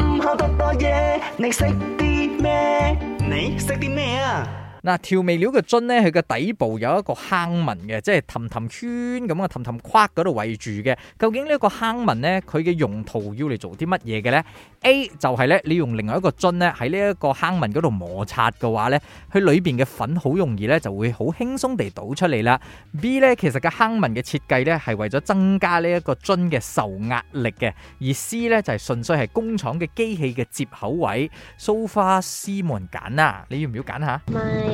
唔好多多嘢，你食啲咩？你食啲咩啊？嗱，調味料嘅樽咧，佢嘅底部有一個坑紋嘅，即係氹氹圈咁啊，氹氹框嗰度圍住嘅。究竟呢一個坑紋咧，佢嘅用途要嚟做啲乜嘢嘅咧？A 就係咧，你用另外一個樽咧喺呢一個坑紋嗰度摩擦嘅話咧，佢裏邊嘅粉好容易咧就會好輕鬆地倒出嚟啦。B 咧其實個坑紋嘅設計咧係為咗增加呢一個樽嘅受壓力嘅，而 C 咧就係純粹係工廠嘅機器嘅接口位。So far，C 冇人揀啊，你要唔要揀下？嗯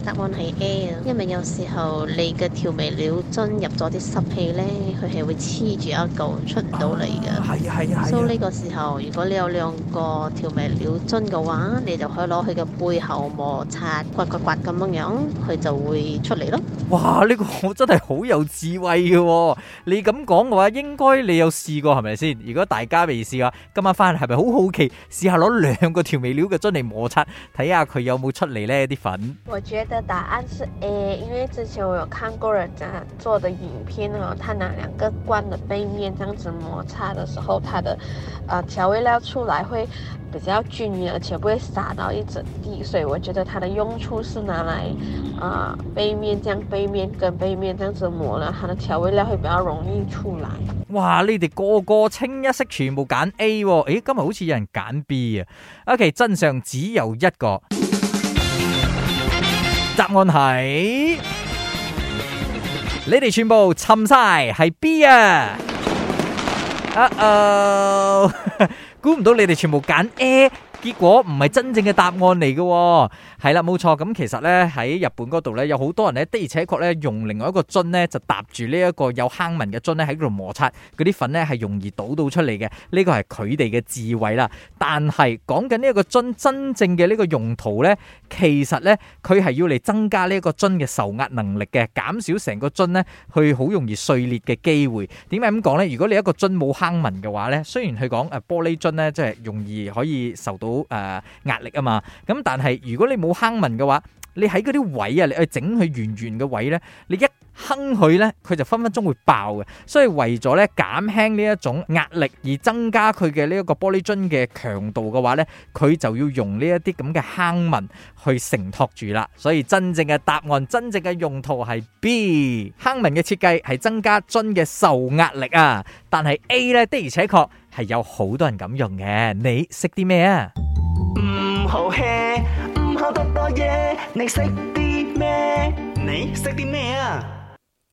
答案係 A 啊，因為有時候你嘅調味料樽入咗啲濕氣咧，佢係會黐住一嚿出唔到嚟㗎。係啊係啊，係啊。所以呢個時候，如果你有兩個調味料樽嘅話，你就可以攞佢嘅背後摩擦，刮刮刮咁樣樣，佢就會出嚟咯。哇！呢個我真係好有智慧嘅喎。你咁講嘅話，應該你有試過係咪先？如果大家未試過，今晚返係咪好好奇？試下攞兩個調味料嘅樽嚟摩擦，睇下佢有冇出嚟呢啲粉。的答案是 A，因為之前我有看過人家做的影片，哦，他拿兩個罐的背面這樣子摩擦的時候，它的，啊、呃、調味料出來會比較均勻，而且不會灑到一整地，所以我覺得它的用處是拿來，啊、呃、背面將背面跟背面這樣子磨啦，它的調味料會比較容易出來。哇，你哋個個清一色全部揀 A，誒、哦、今日好似有人揀 B 啊？OK，真相只有一個。答案係， 你哋全部沉晒係 B 啊！啊哦，估 唔樂、uh -oh、 到你哋全部揀 A。結果唔係真正嘅答案嚟嘅，哦，係啦冇錯。咁其實呢，喺日本嗰度呢，有好多人呢的而且確呢，用另外一個樽呢，就搭住呢一個有坑紋嘅樽呢，喺度摩擦，嗰啲粉呢，係容易倒到出嚟嘅。呢個係佢哋嘅智慧啦。但係講緊呢一個樽真正嘅呢個用途呢，其實呢，佢係要嚟增加呢一個樽嘅受壓能力嘅，減少成個樽呢，去好容易碎裂嘅機會。點解咁講呢？如果你一個樽冇坑紋嘅話呢，雖然佢講誒玻璃樽呢，即係容易可以受到好、呃、誒，壓力啊嘛，咁但係如果你冇坑紋嘅話，你喺嗰啲位啊，你去整佢圓圓嘅位呢，你一坑佢呢，佢就分分鐘會爆嘅。所以為咗呢減輕呢一種壓力而增加佢嘅呢一個玻璃樽嘅強度嘅話呢，佢就要用呢一啲咁嘅坑紋去承托住啦。所以真正嘅答案，真正嘅用途係 B，坑紋嘅設計係增加樽嘅受壓力啊。但係 A 呢的而且確係有好多人咁用嘅。你識啲咩啊？唔好吃，唔好多多嘢，你食啲咩？你食啲咩啊？